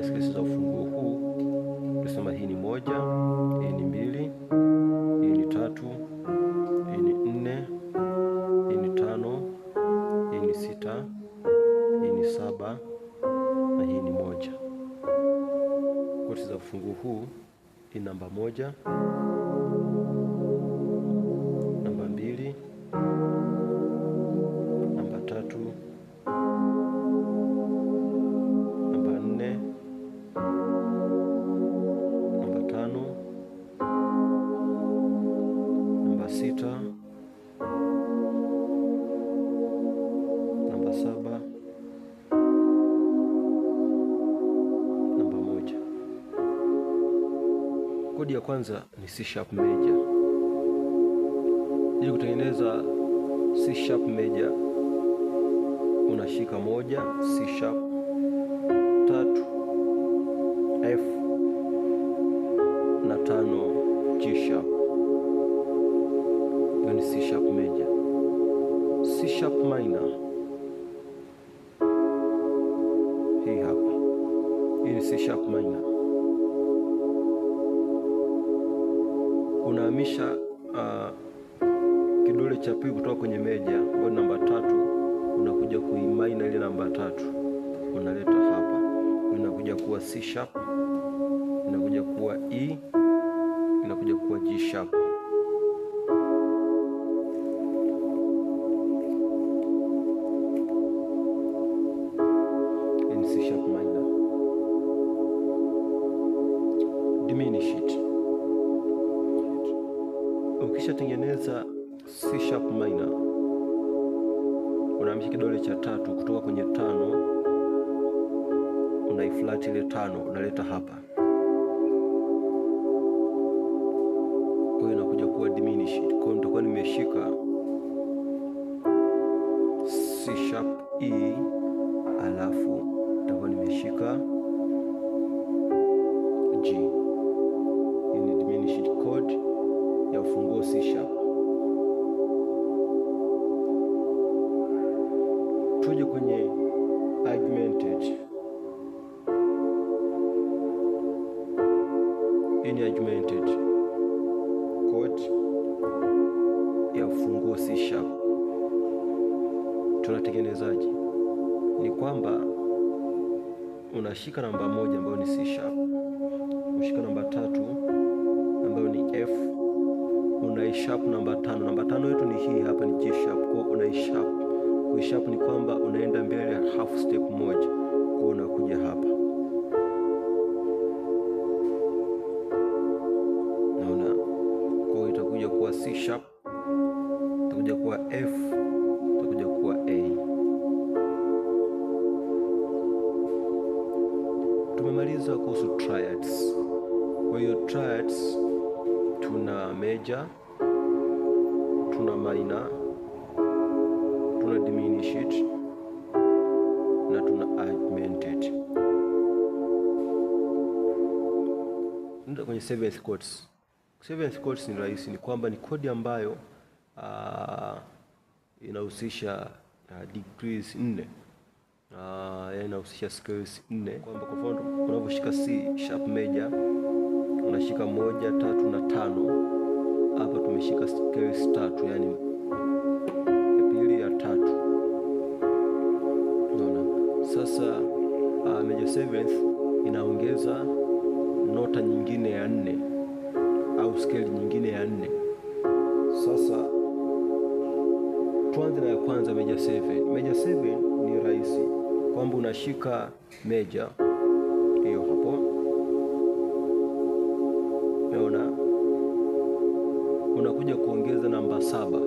moja space za ufunguo huu, tunasema hii ni moja, hii ni mbili, hii ni tatu, hii ni nne, hii ni tano, hii ni sita, hii ni saba na hii ni moja. Koti za ufunguo huu ni namba moja ya kwanza ni C sharp major. Ili kutengeneza C sharp major unashika moja, C sharp tatu, F na tano G sharp. Hiyo ni C sharp major. C sharp minor hii hapa, hii ni C sharp minor kuhamisha uh, kidole cha pili kutoka kwenye meja ambayo namba tatu, unakuja kuimaina ile namba tatu, unaleta hapa, inakuja kuwa C sharp, inakuja kuwa E, inakuja kuwa G sharp. minor. Unahamisha kidole cha tatu kutoka kwenye tano, unaiflat ile tano, unaleta hapa, kwa hiyo inakuja kuwa diminished. Kwa hiyo nitakuwa nimeshika C sharp E, alafu nitakuwa nimeshika G. Hii ni diminished chord ya ufunguo C sharp. tuje kwenye augmented. Hii ni augmented chord ya ufunguo C sharp. Tunatengenezaje? Ni kwamba unashika namba moja ambayo ni C sharp, unashika namba tatu ambayo ni F, unaisharp namba tano. Namba tano yetu ni hii hapa, ni G sharp, kwa unaisharp F-sharp ni kwamba unaenda mbele half step moja, kwa unakuja hapa, naona kwa itakuja kuwa C-sharp, itakuja kuwa F, itakuja kuwa A. Tumemaliza kuhusu triads. Kwa hiyo triads tuna major, tuna minor tuna diminish it na tuna augment it. Nenda kwenye seventh chords. Seventh chords ni rahisi, ni kwamba ni kodi ambayo uh, inahusisha uh, degrees nne uh, ah, yani inahusisha scales nne, kwamba kwa mfano unavyoshika C sharp major unashika moja tatu na tano, hapa tumeshika scales tatu yani Marriage Seventh inaongeza nota nyingine ya nne au scale nyingine ya nne. Sasa tuanze na ya kwanza meja seven. Meja seven ni rahisi kwamba unashika meja hiyo hapo, meona unakuja kuongeza namba saba.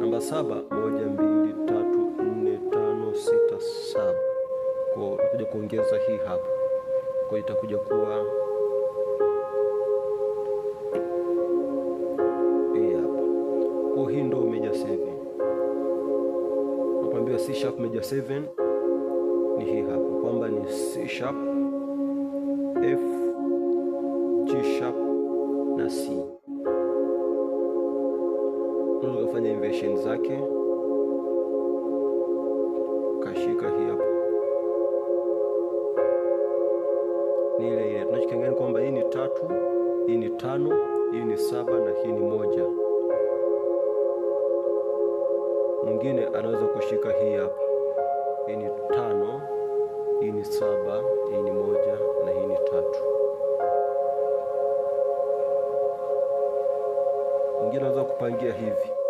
Namba saba: moja, mbili, tatu, nne, tano, sita, saba kuja kuongeza hii hapa, kwa itakuja kuwa hii hapa. Kwa hii ndo meja 7 nakwambia C sharp meja 7 ni hii hapa, kwamba ni C sharp F G sharp na C. Unaweza kufanya inversion zake. Tuchanganye kwamba hii ni tatu, hii ni tano, hii ni saba na hii ni moja. Mwingine anaweza kushika hii hapa, hii ni tano, hii ni saba, hii ni moja na hii ni tatu. Mwingine anaweza kupangia hivi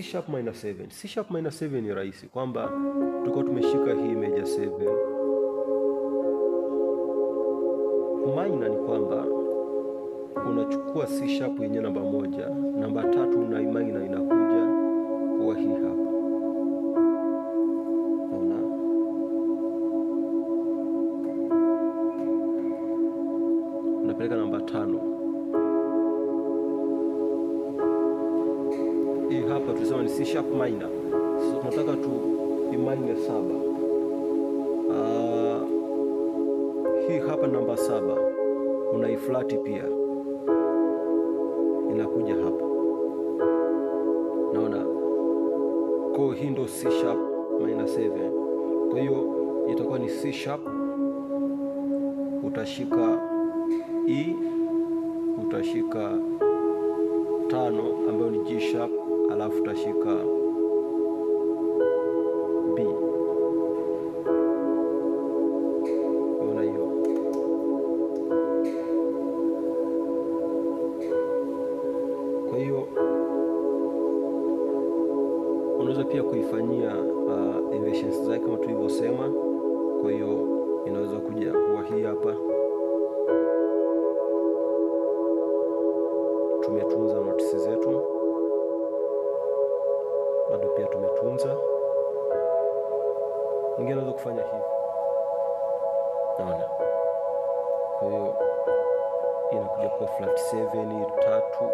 C sharp minor 7. C sharp minor 7 ni rahisi kwamba tuko tumeshika hii major 7. Minor ni kwamba unachukua C sharp yenye namba moja, namba tatu na minor inakuja kuwa hii hapa. Unaona? Unapeleka namba tano hapa tulisema ni C sharp minor. Sasa tunataka tu E minor saba. Uh, hii hapa namba saba flat pia inakuja hapa, naona ko hii ndo C sharp minor 7. Kwa hiyo itakuwa ni C sharp, utashika E, utashika tano ambayo ni G sharp alafu tashika B. Ona hiyo kwa hiyo unaweza pia kuifanyia uh, inversions zake kama tulivyosema. Kwa hiyo inaweza kuja kuwa hii hapa tumetunza notisi zetu bado pia tumetunza. Mwingine anaweza kufanya hivi, naona. Kwa hiyo inakuja kuwa flat 7 tatu,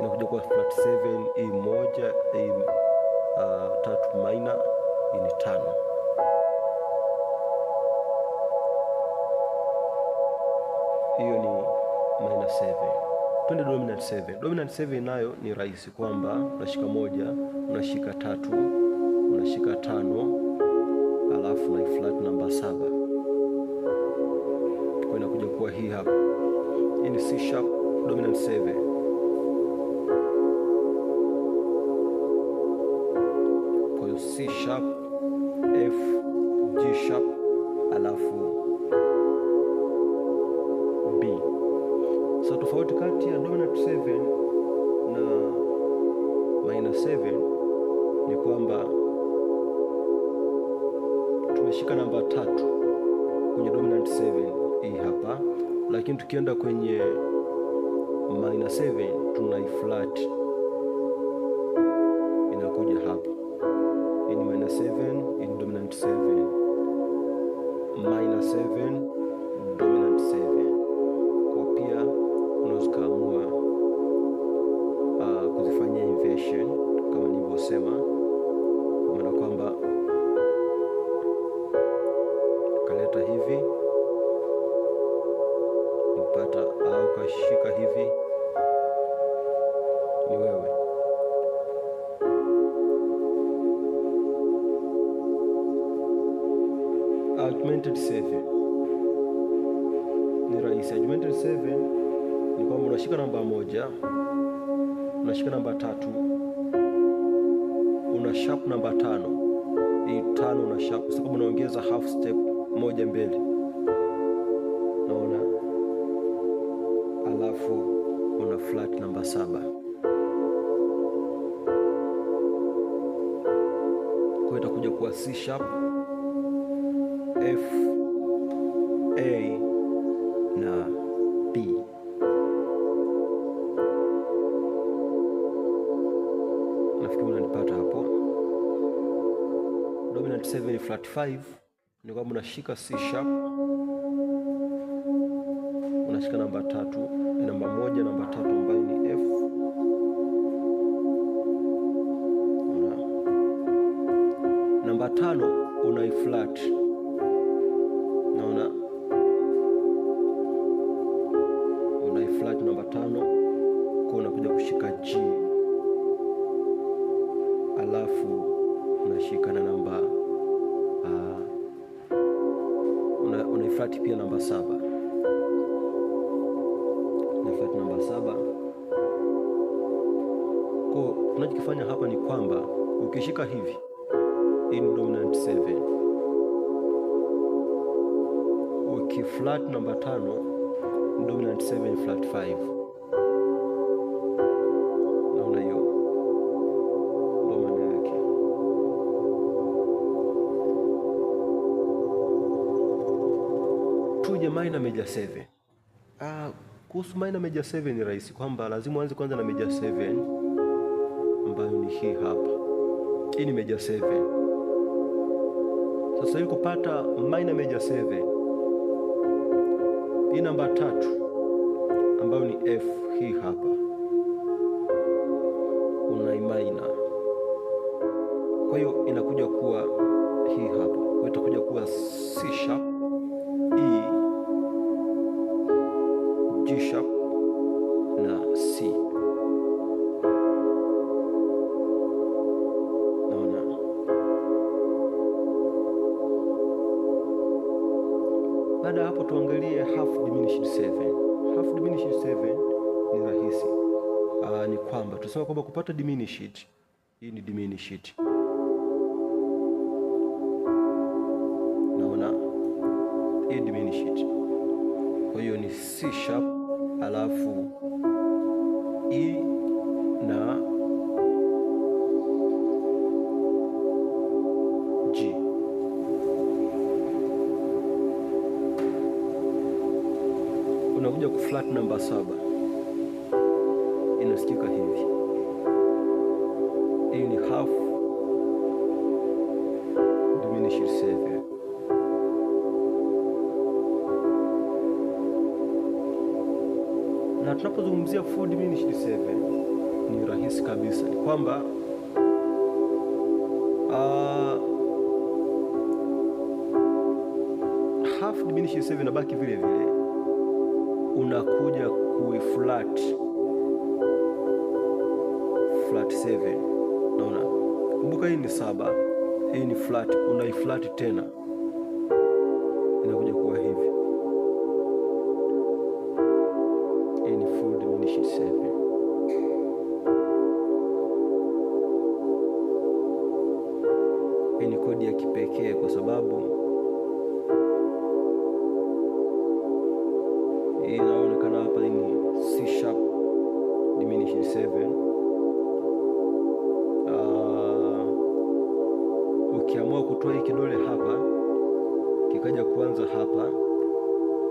inakuja kuwa flat 7 E moja E uh, tatu minor hii ni tano hiyo ni minor 7. Twende dominant 7. Dominant 7 nayo ni rahisi kwamba unashika moja, unashika tatu, unashika tano, alafu na flat namba saba, kwa inakuja kuwa hii hapa. Hii ni C sharp dominant 7. C sharp, F, G sharp alafu Tofauti kati ya dominant 7 na minor 7 ni kwamba tumeshika namba tatu kwenye dominant 7 hii hapa, lakini tukienda kwenye minor 7 tuna tunaiflat seven. ni rahisi. Argument 7 ni kwamba unashika namba moja, unashika namba tatu, una sharp namba tano. Hii tano una sharp, sababu kama unaongeza half step moja mbele, naona alafu una flat namba saba. Kwa itakuja kuwa C sharp F A na B. Nafikiri unanipata hapo. Dominant 7 flat 5 ni kwamba unashika C sharp, unashika namba tatu, namba moja, namba tatu ambayo ni F namba tano flat kuna pia namba saba na namba saba. Kwa tunachokifanya hapa ni kwamba ukishika hivi in dominant 7 ukiflat namba tano dominant 7 flat 5 Unafanyaje minor major 7? Ah, kuhusu minor major 7 ni rahisi kwamba lazima uanze kwanza na major 7 ambayo ni hii hapa. Hii ni major 7. Sasa ili kupata minor major 7 hii namba tatu ambayo ni F hii hapa unaimaina, kwa hiyo inakuja kuwa hii hapa, itakuja kuwa C sharp G sharp na C. Naona baada ya hapo tuangalie half diminished seven. Half diminished seven ni rahisi. Aa, ah, ni kwamba tusema kwamba kupata diminished, hii ni diminished naona hii diminished, kwa hiyo ni C sharp alafu i na G. Unakuja ku flat namba saba, inasikika hivi. Hii ni half diminished seventh tunapozungumzia food ministry 7 ni rahisi kabisa, ni kwamba uh, half ministry 7 inabaki vile vile, unakuja kuiflat flat 7. Naona kumbuka, hii ni saba, hii ni flat, unaiflat tena inakuja kuwa hivi 27 uh, ukiamua kutoa hii kidole hapa kikaja kuanza hapa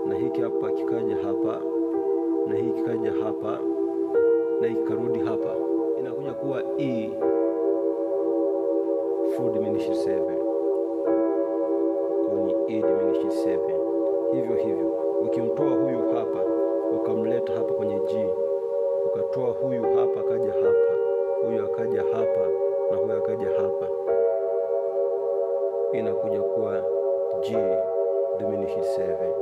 na hiki hapa kikaja hapa na hii kikaja hapa na hii kikarudi hapa, inakuja kuwa E full diminished kwa ni E diminished seven. Hivyo hivyo ukimtoa huyu hapa kutoa huyu hapa akaja hapa, huyu akaja hapa na huyu akaja hapa, inakuja kuwa G diminished seven.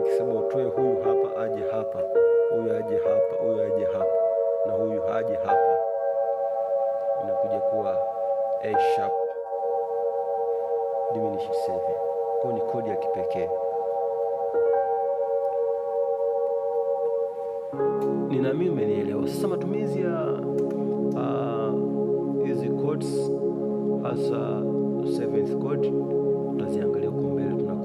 Ukisema utoe huyu hapa aje hapa, huyu aje hapa, huyu aje hapa na huyu aje hapa, inakuja kuwa A sharp diminished seven. Kwa ni kodi ya kipekee. ninaamini umenielewa. Sasa matumizi ya ah, hizi quotes hasa seventh quote tutaziangalia huko mbele tuna